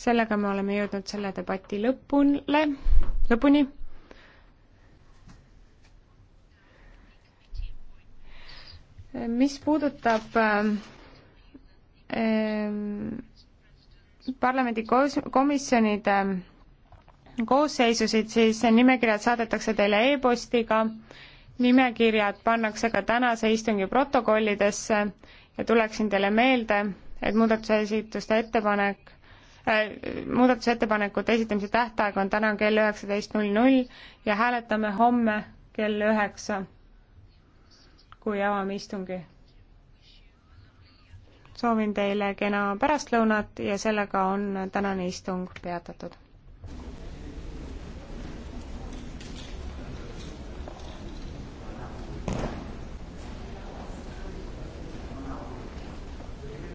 sellega me oleme jõudnud selle debati lõpule, lõpuni. mis puudutab ähm, ähm parlamendi koos-, komisjonide ähm, koosseisusid, siis nimekirjad saadetakse teile e-postiga, nimekirjad pannakse ka tänase istungi protokollidesse ja tuleksin teile meelde, et muudatuse esituste ettepanek Äh, muudatusettepanekute esitamise tähtaeg on täna kell üheksateist null null ja hääletame homme kell üheksa, kui avame istungi. soovin teile kena pärastlõunat ja sellega on tänane istung peatatud.